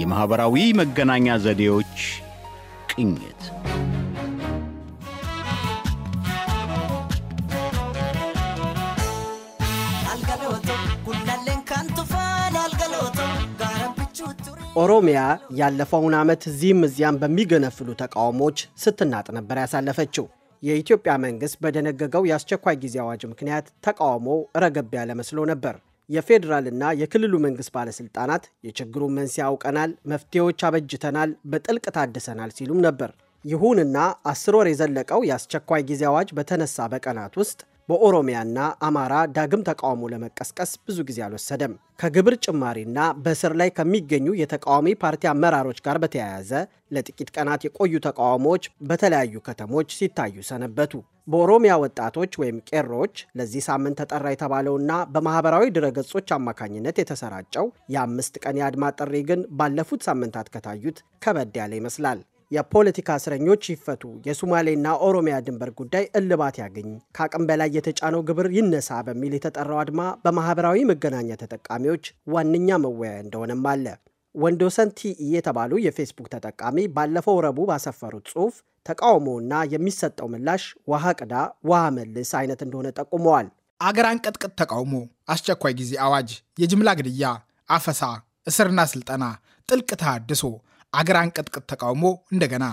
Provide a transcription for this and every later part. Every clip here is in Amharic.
የማኅበራዊ መገናኛ ዘዴዎች ቅኝት ኦሮሚያ ያለፈውን ዓመት እዚህም እዚያም በሚገነፍሉ ተቃውሞዎች ስትናጥ ነበር ያሳለፈችው። የኢትዮጵያ መንግሥት በደነገገው የአስቸኳይ ጊዜ አዋጅ ምክንያት ተቃውሞ ረገብ ያለ መስሎ ነበር። የፌዴራልና የክልሉ መንግስት ባለስልጣናት የችግሩን መንስኤ አውቀናል፣ መፍትሄዎች አበጅተናል፣ በጥልቅ ታድሰናል ሲሉም ነበር። ይሁንና አስር ወር የዘለቀው የአስቸኳይ ጊዜ አዋጅ በተነሳ በቀናት ውስጥ በኦሮሚያና አማራ ዳግም ተቃውሞ ለመቀስቀስ ብዙ ጊዜ አልወሰደም። ከግብር ጭማሪና በእስር ላይ ከሚገኙ የተቃዋሚ ፓርቲ አመራሮች ጋር በተያያዘ ለጥቂት ቀናት የቆዩ ተቃውሞዎች በተለያዩ ከተሞች ሲታዩ ሰነበቱ። በኦሮሚያ ወጣቶች ወይም ቄሮዎች ለዚህ ሳምንት ተጠራ የተባለውና በማህበራዊ ድረገጾች አማካኝነት የተሰራጨው የአምስት ቀን የአድማ ጥሪ ግን ባለፉት ሳምንታት ከታዩት ከበድ ያለ ይመስላል። የፖለቲካ እስረኞች ይፈቱ፣ የሱማሌና ኦሮሚያ ድንበር ጉዳይ እልባት ያገኝ፣ ከአቅም በላይ የተጫነው ግብር ይነሳ በሚል የተጠራው አድማ በማህበራዊ መገናኛ ተጠቃሚዎች ዋነኛ መወያያ እንደሆነም አለ። ወንዶሰን ቲኢ የተባሉ የፌስቡክ ተጠቃሚ ባለፈው ረቡዕ ባሰፈሩት ጽሑፍ ተቃውሞና የሚሰጠው ምላሽ ውሃ ቅዳ ውሃ መልስ አይነት እንደሆነ ጠቁመዋል። አገር አንቀጥቅጥ ተቃውሞ፣ አስቸኳይ ጊዜ አዋጅ፣ የጅምላ ግድያ፣ አፈሳ፣ እስርና ስልጠና፣ ጥልቅ ተሃድሶ አገር አንቀጥቅጥ ተቃውሞ እንደገና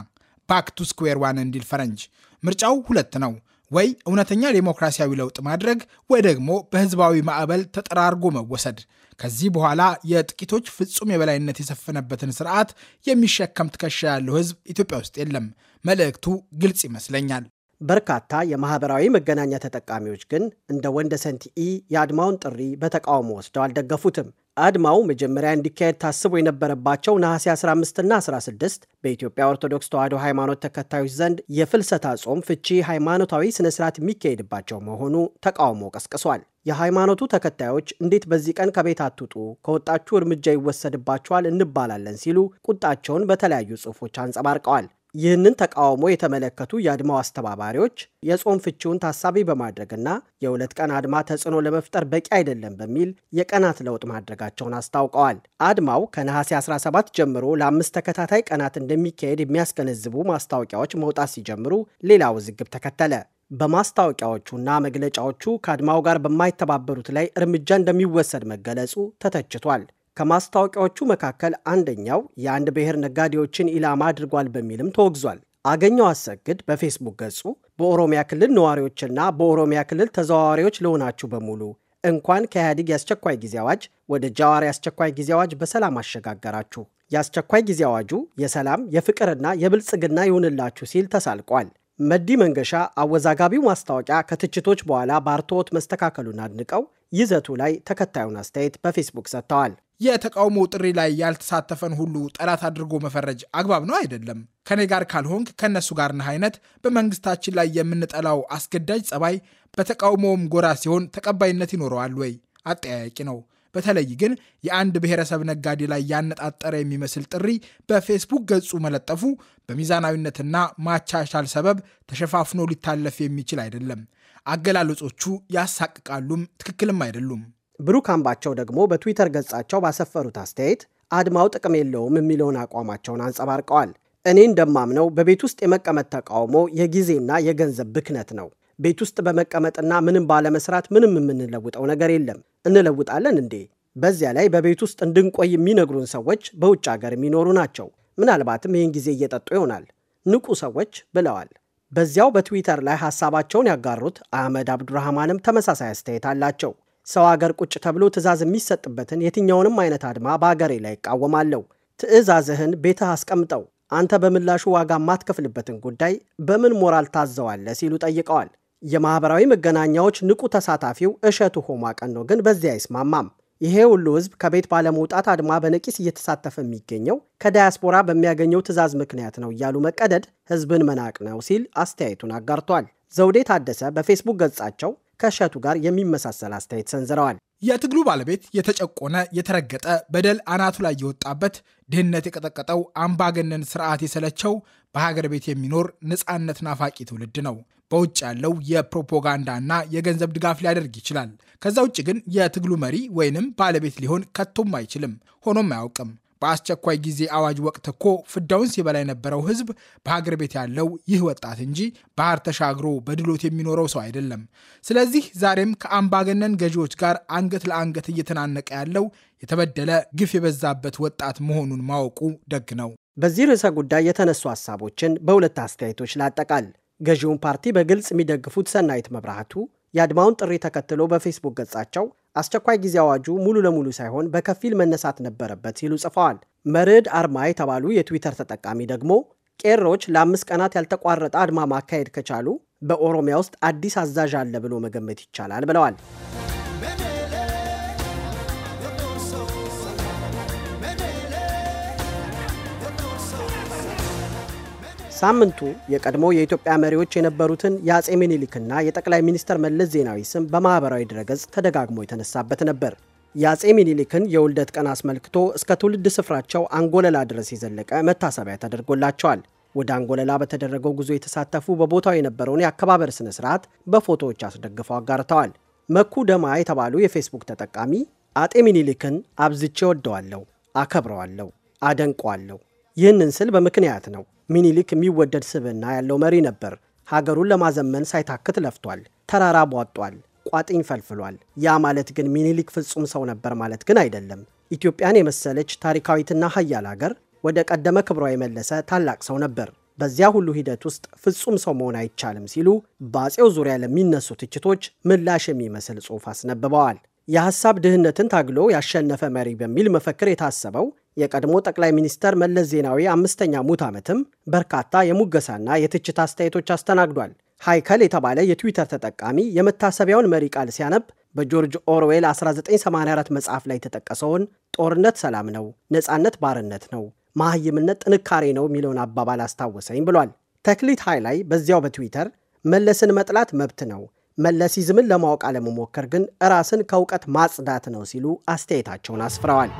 ባክ ቱ ስኩዌር ዋን እንዲል ፈረንጅ። ምርጫው ሁለት ነው። ወይ እውነተኛ ዴሞክራሲያዊ ለውጥ ማድረግ ወይ ደግሞ በህዝባዊ ማዕበል ተጠራርጎ መወሰድ። ከዚህ በኋላ የጥቂቶች ፍጹም የበላይነት የሰፈነበትን ስርዓት የሚሸከም ትከሻ ያለው ህዝብ ኢትዮጵያ ውስጥ የለም። መልእክቱ ግልጽ ይመስለኛል። በርካታ የማህበራዊ መገናኛ ተጠቃሚዎች ግን እንደ ወንደ ሰንቲኢ የአድማውን ጥሪ በተቃውሞ ወስደው አልደገፉትም። አድማው መጀመሪያ እንዲካሄድ ታስቦ የነበረባቸው ነሐሴ 15ና 16 በኢትዮጵያ ኦርቶዶክስ ተዋሕዶ ሃይማኖት ተከታዮች ዘንድ የፍልሰታ ጾም ፍቺ ሃይማኖታዊ ስነ ስርዓት የሚካሄድባቸው መሆኑ ተቃውሞ ቀስቅሷል። የሃይማኖቱ ተከታዮች እንዴት በዚህ ቀን ከቤት አትውጡ፣ ከወጣችሁ እርምጃ ይወሰድባቸዋል እንባላለን ሲሉ ቁጣቸውን በተለያዩ ጽሑፎች አንጸባርቀዋል። ይህንን ተቃውሞ የተመለከቱ የአድማው አስተባባሪዎች የጾም ፍቺውን ታሳቢ በማድረግና የሁለት ቀን አድማ ተጽዕኖ ለመፍጠር በቂ አይደለም በሚል የቀናት ለውጥ ማድረጋቸውን አስታውቀዋል። አድማው ከነሐሴ 17 ጀምሮ ለአምስት ተከታታይ ቀናት እንደሚካሄድ የሚያስገነዝቡ ማስታወቂያዎች መውጣት ሲጀምሩ ሌላ ውዝግብ ተከተለ። በማስታወቂያዎቹና መግለጫዎቹ ከአድማው ጋር በማይተባበሩት ላይ እርምጃ እንደሚወሰድ መገለጹ ተተችቷል። ከማስታወቂያዎቹ መካከል አንደኛው የአንድ ብሔር ነጋዴዎችን ኢላማ አድርጓል በሚልም ተወግዟል። አገኘው አሰግድ በፌስቡክ ገጹ በኦሮሚያ ክልል ነዋሪዎችና በኦሮሚያ ክልል ተዘዋዋሪዎች ለሆናችሁ በሙሉ እንኳን ከኢህአዴግ የአስቸኳይ ጊዜ አዋጅ ወደ ጃዋር የአስቸኳይ ጊዜ አዋጅ በሰላም አሸጋገራችሁ። የአስቸኳይ ጊዜ አዋጁ የሰላም የፍቅርና የብልጽግና ይሁንላችሁ ሲል ተሳልቋል። መዲ መንገሻ አወዛጋቢው ማስታወቂያ ከትችቶች በኋላ በአርትዖት መስተካከሉን አድንቀው ይዘቱ ላይ ተከታዩን አስተያየት በፌስቡክ ሰጥተዋል። የተቃውሞ ጥሪ ላይ ያልተሳተፈን ሁሉ ጠላት አድርጎ መፈረጅ አግባብ ነው አይደለም። ከኔ ጋር ካልሆንክ ከእነሱ ጋር ነህ አይነት በመንግስታችን ላይ የምንጠላው አስገዳጅ ጸባይ በተቃውሞውም ጎራ ሲሆን ተቀባይነት ይኖረዋል ወይ? አጠያያቂ ነው። በተለይ ግን የአንድ ብሔረሰብ ነጋዴ ላይ ያነጣጠረ የሚመስል ጥሪ በፌስቡክ ገጹ መለጠፉ በሚዛናዊነትና ማቻሻል ሰበብ ተሸፋፍኖ ሊታለፍ የሚችል አይደለም። አገላለጾቹ ያሳቅቃሉም፣ ትክክልም አይደሉም። ብሩክ አምባቸው ደግሞ በትዊተር ገጻቸው ባሰፈሩት አስተያየት አድማው ጥቅም የለውም የሚለውን አቋማቸውን አንጸባርቀዋል። እኔ እንደማምነው በቤት ውስጥ የመቀመጥ ተቃውሞ የጊዜና የገንዘብ ብክነት ነው። ቤት ውስጥ በመቀመጥና ምንም ባለመስራት ምንም የምንለውጠው ነገር የለም። እንለውጣለን እንዴ? በዚያ ላይ በቤት ውስጥ እንድንቆይ የሚነግሩን ሰዎች በውጭ ሀገር የሚኖሩ ናቸው። ምናልባትም ይህን ጊዜ እየጠጡ ይሆናል። ንቁ ሰዎች ብለዋል። በዚያው በትዊተር ላይ ሀሳባቸውን ያጋሩት አህመድ አብዱራህማንም ተመሳሳይ አስተያየት አላቸው። ሰው አገር ቁጭ ተብሎ ትዕዛዝ የሚሰጥበትን የትኛውንም አይነት አድማ በአገሬ ላይ እቃወማለሁ። ትዕዛዝህን ቤትህ አስቀምጠው፣ አንተ በምላሹ ዋጋ የማትከፍልበትን ጉዳይ በምን ሞራል ታዘዋለህ ሲሉ ጠይቀዋል። የማኅበራዊ መገናኛዎች ንቁ ተሳታፊው እሸቱ ሆማቀኖ ግን በዚህ አይስማማም። ይሄ ሁሉ ሕዝብ ከቤት ባለመውጣት አድማ በነቂስ እየተሳተፈ የሚገኘው ከዳያስፖራ በሚያገኘው ትእዛዝ ምክንያት ነው እያሉ መቀደድ ሕዝብን መናቅ ነው ሲል አስተያየቱን አጋርቷል። ዘውዴ ታደሰ በፌስቡክ ገጻቸው ከእሸቱ ጋር የሚመሳሰል አስተያየት ሰንዝረዋል። የትግሉ ባለቤት የተጨቆነ የተረገጠ በደል አናቱ ላይ የወጣበት ድህነት የቀጠቀጠው አምባገነን ስርዓት የሰለቸው በሀገር ቤት የሚኖር ነፃነት ናፋቂ ትውልድ ነው። በውጭ ያለው የፕሮፓጋንዳና የገንዘብ ድጋፍ ሊያደርግ ይችላል። ከዛ ውጭ ግን የትግሉ መሪ ወይንም ባለቤት ሊሆን ከቶም አይችልም፣ ሆኖም አያውቅም። በአስቸኳይ ጊዜ አዋጅ ወቅት እኮ ፍዳውን ሲበላ የነበረው ህዝብ በሀገር ቤት ያለው ይህ ወጣት እንጂ ባህር ተሻግሮ በድሎት የሚኖረው ሰው አይደለም። ስለዚህ ዛሬም ከአምባገነን ገዢዎች ጋር አንገት ለአንገት እየተናነቀ ያለው የተበደለ ግፍ የበዛበት ወጣት መሆኑን ማወቁ ደግ ነው። በዚህ ርዕሰ ጉዳይ የተነሱ ሀሳቦችን በሁለት አስተያየቶች ላጠቃል። ገዢውን ፓርቲ በግልጽ የሚደግፉት ሰናይት መብራቱ የአድማውን ጥሪ ተከትሎ በፌስቡክ ገጻቸው አስቸኳይ ጊዜ አዋጁ ሙሉ ለሙሉ ሳይሆን በከፊል መነሳት ነበረበት ሲሉ ጽፈዋል። መርድ አርማ የተባሉ የትዊተር ተጠቃሚ ደግሞ ቄሮች ለአምስት ቀናት ያልተቋረጠ አድማ ማካሄድ ከቻሉ በኦሮሚያ ውስጥ አዲስ አዛዥ አለ ብሎ መገመት ይቻላል ብለዋል። ሳምንቱ የቀድሞ የኢትዮጵያ መሪዎች የነበሩትን የአጼ ምኒልክና የጠቅላይ ሚኒስትር መለስ ዜናዊ ስም በማኅበራዊ ድረገጽ ተደጋግሞ የተነሳበት ነበር። የአጼ ምኒልክን የውልደት ቀን አስመልክቶ እስከ ትውልድ ስፍራቸው አንጎለላ ድረስ የዘለቀ መታሰቢያ ተደርጎላቸዋል። ወደ አንጎለላ በተደረገው ጉዞ የተሳተፉ በቦታው የነበረውን የአከባበር ስነ ስርዓት በፎቶዎች አስደግፈው አጋርተዋል። መኩ ደማ የተባሉ የፌስቡክ ተጠቃሚ አጤ ምኒልክን አብዝቼ ወደዋለሁ፣ አከብረዋለሁ፣ አደንቀዋለሁ። ይህንን ስል በምክንያት ነው ሚኒሊክ የሚወደድ ስብና ያለው መሪ ነበር። ሀገሩን ለማዘመን ሳይታክት ለፍቷል። ተራራ ቧጧል፣ ቋጥኝ ፈልፍሏል። ያ ማለት ግን ሚኒሊክ ፍጹም ሰው ነበር ማለት ግን አይደለም። ኢትዮጵያን የመሰለች ታሪካዊትና ሀያል ሀገር ወደ ቀደመ ክብሯ የመለሰ ታላቅ ሰው ነበር። በዚያ ሁሉ ሂደት ውስጥ ፍጹም ሰው መሆን አይቻልም ሲሉ በአፄው ዙሪያ ለሚነሱ ትችቶች ምላሽ የሚመስል ጽሑፍ አስነብበዋል። የሐሳብ ድህነትን ታግሎ ያሸነፈ መሪ በሚል መፈክር የታሰበው የቀድሞ ጠቅላይ ሚኒስተር መለስ ዜናዊ አምስተኛ ሙት ዓመትም በርካታ የሙገሳና የትችት አስተያየቶች አስተናግዷል። ሃይከል የተባለ የትዊተር ተጠቃሚ የመታሰቢያውን መሪ ቃል ሲያነብ በጆርጅ ኦርዌል 1984 መጽሐፍ ላይ የተጠቀሰውን ጦርነት ሰላም ነው፣ ነፃነት ባርነት ነው፣ መሐይምነት ጥንካሬ ነው የሚለውን አባባል አስታወሰኝ ብሏል። ተክሊት ሃይ ላይ በዚያው በትዊተር መለስን መጥላት መብት ነው፣ መለሲዝምን ለማወቅ አለመሞከር ግን ራስን ከእውቀት ማጽዳት ነው ሲሉ አስተያየታቸውን አስፍረዋል።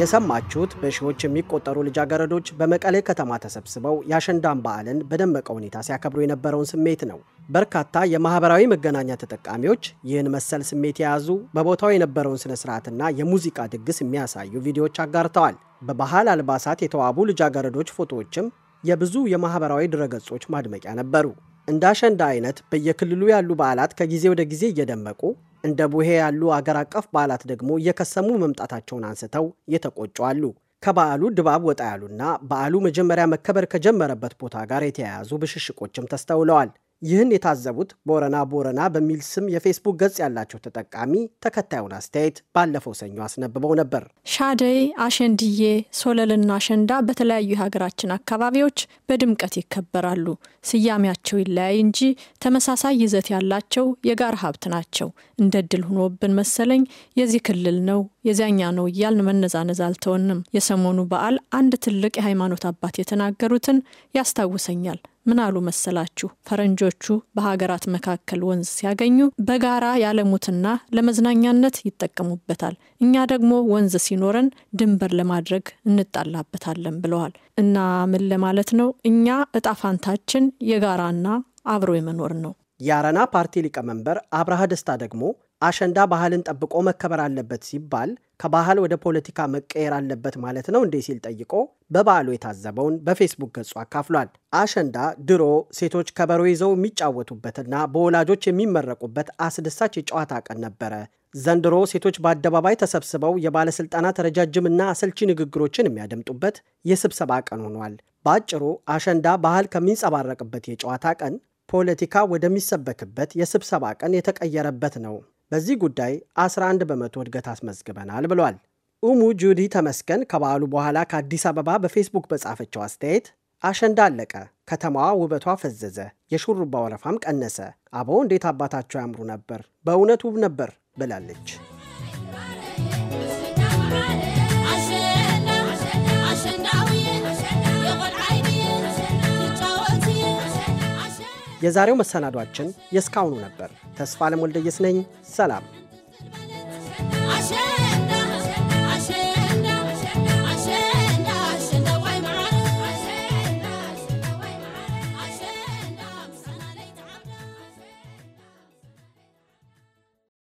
የሰማችሁት በሺዎች የሚቆጠሩ ልጃገረዶች በመቀሌ ከተማ ተሰብስበው የአሸንዳን በዓልን በደመቀ ሁኔታ ሲያከብሩ የነበረውን ስሜት ነው። በርካታ የማህበራዊ መገናኛ ተጠቃሚዎች ይህን መሰል ስሜት የያዙ በቦታው የነበረውን ስነ ስርዓትና የሙዚቃ ድግስ የሚያሳዩ ቪዲዮዎች አጋርተዋል። በባህል አልባሳት የተዋቡ ልጃገረዶች ፎቶዎችም የብዙ የማህበራዊ ድረገጾች ማድመቂያ ነበሩ። እንደ አሸንዳ አይነት በየክልሉ ያሉ በዓላት ከጊዜ ወደ ጊዜ እየደመቁ እንደ ቡሄ ያሉ አገር አቀፍ በዓላት ደግሞ እየከሰሙ መምጣታቸውን አንስተው የተቆጩ አሉ። ከበዓሉ ድባብ ወጣ ያሉና በዓሉ መጀመሪያ መከበር ከጀመረበት ቦታ ጋር የተያያዙ ብሽሽቆችም ተስተውለዋል። ይህን የታዘቡት ቦረና ቦረና በሚል ስም የፌስቡክ ገጽ ያላቸው ተጠቃሚ ተከታዩን አስተያየት ባለፈው ሰኞ አስነብበው ነበር። ሻደይ፣ አሸንድዬ፣ ሶለልና አሸንዳ በተለያዩ የሀገራችን አካባቢዎች በድምቀት ይከበራሉ። ስያሜያቸው ይለያይ እንጂ ተመሳሳይ ይዘት ያላቸው የጋራ ሀብት ናቸው። እንደ ድል ሆኖብን መሰለኝ የዚህ ክልል ነው የዚያኛ ነው እያልን መነዛነዝ አልተወንም። የሰሞኑ በዓል አንድ ትልቅ የሃይማኖት አባት የተናገሩትን ያስታውሰኛል። ምን አሉ መሰላችሁ? ፈረንጆቹ በሀገራት መካከል ወንዝ ሲያገኙ በጋራ ያለሙትና ለመዝናኛነት ይጠቀሙበታል። እኛ ደግሞ ወንዝ ሲኖረን ድንበር ለማድረግ እንጣላበታለን ብለዋል። እና ምን ለማለት ነው? እኛ እጣፋንታችን የጋራና አብሮ የመኖር ነው። የአረና ፓርቲ ሊቀመንበር አብርሃ ደስታ ደግሞ አሸንዳ ባህልን ጠብቆ መከበር አለበት ሲባል ከባህል ወደ ፖለቲካ መቀየር አለበት ማለት ነው እንዴ ሲል ጠይቆ በበዓሉ የታዘበውን በፌስቡክ ገጹ አካፍሏል። አሸንዳ ድሮ ሴቶች ከበሮ ይዘው የሚጫወቱበትና በወላጆች የሚመረቁበት አስደሳች የጨዋታ ቀን ነበረ። ዘንድሮ ሴቶች በአደባባይ ተሰብስበው የባለሥልጣናት ረጃጅምና አሰልቺ ንግግሮችን የሚያደምጡበት የስብሰባ ቀን ሆኗል። በአጭሩ አሸንዳ ባህል ከሚንጸባረቅበት የጨዋታ ቀን ፖለቲካ ወደሚሰበክበት የስብሰባ ቀን የተቀየረበት ነው። በዚህ ጉዳይ 11 በመቶ እድገት አስመዝግበናል ብሏል። ኡሙ ጁዲ ተመስገን ከበዓሉ በኋላ ከአዲስ አበባ በፌስቡክ በጻፈችው አስተያየት አሸንዳ አለቀ፣ ከተማዋ ውበቷ ፈዘዘ፣ የሹሩባ ወረፋም ቀነሰ። አበው እንዴት አባታቸው ያምሩ ነበር፣ በእውነት ውብ ነበር ብላለች። የዛሬው መሰናዷችን የእስካሁኑ ነበር። ተስፋ ለሞልደየስ ነኝ። ሰላም።